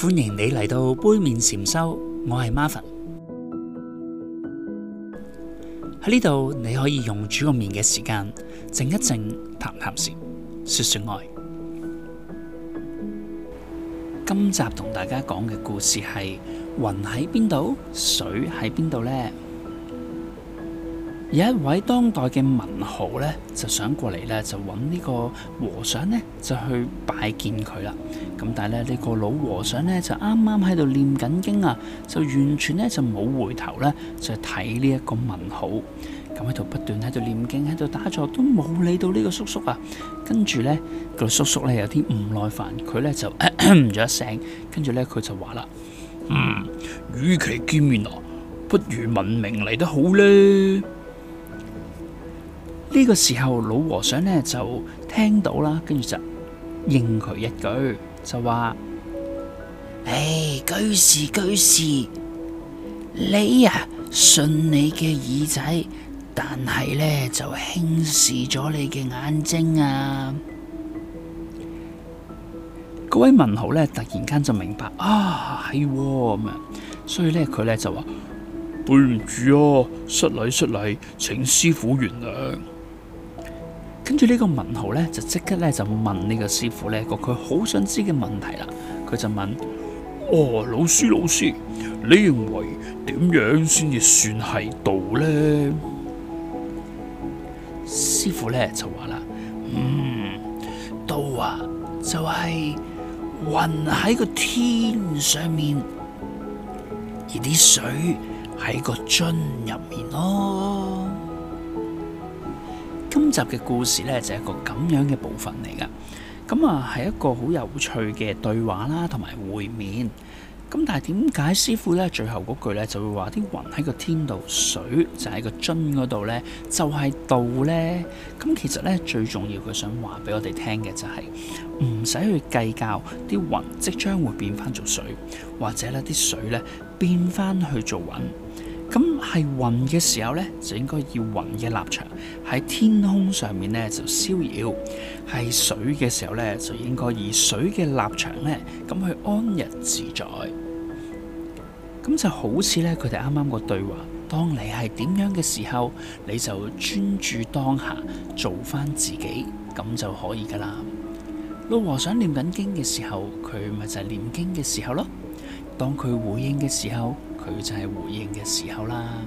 歡迎你嚟到杯麵禪修，我係 Marvin。喺呢度你可以用煮個麵嘅時間靜一靜，談談禪，說說愛。今集同大家講嘅故事係雲喺邊度，水喺邊度呢？有一位當代嘅文豪呢，就想過嚟呢，就揾呢個和尚呢，就去拜見佢啦。咁但係咧，呢個老和尚呢，就啱啱喺度念緊經啊，就完全呢，就冇回頭呢，就睇呢一個文豪。咁喺度不斷喺度念經，喺度打坐，都冇理到呢個叔叔啊。跟住呢個叔叔呢，有啲唔耐煩，佢呢就咳咳咗一聲，跟住呢，佢就話啦：嗯，與其見面啊，不如聞名嚟得好呢。」呢、這個時候，老和尚呢就聽到啦，跟住就應佢一句，就話：唉、哎，居士居士，你呀、啊，信你嘅耳仔，但係呢就輕視咗你嘅眼睛啊！嗰位文豪呢突然間就明白啊，係咁、哦、所以呢，佢呢就話：對唔住啊，失禮失禮，請師傅原諒。跟住呢個文豪咧，就即刻咧就問呢個師傅咧個佢好想知嘅問題啦。佢就問：哦，老師老師，你認為點樣先至算係道咧？師傅咧就話啦：嗯，道啊就係雲喺個天上面，而啲水喺個樽入面咯。今集嘅故事呢，就係一個咁樣嘅部分嚟噶，咁啊係一個好有趣嘅對話啦，同埋會面。咁但係點解師傅呢最後嗰句呢，就會話啲雲喺個天度，水就喺個樽嗰度呢，就係道呢？咁其實呢，最重要，佢想話俾我哋聽嘅就係唔使去計較啲雲即將會變翻做水，或者呢啲水呢變翻去做雲。係雲嘅時候呢，就應該以雲嘅立場；喺天空上面呢，就逍遙；係水嘅時候呢，就應該以水嘅立場呢，咁去安逸自在。咁就好似呢，佢哋啱啱個對話：當你係點樣嘅時候，你就專注當下，做翻自己，咁就可以噶啦。老和尚念緊經嘅時候，佢咪就係念經嘅時候咯。當佢回應嘅時候。佢就係回應嘅時候啦。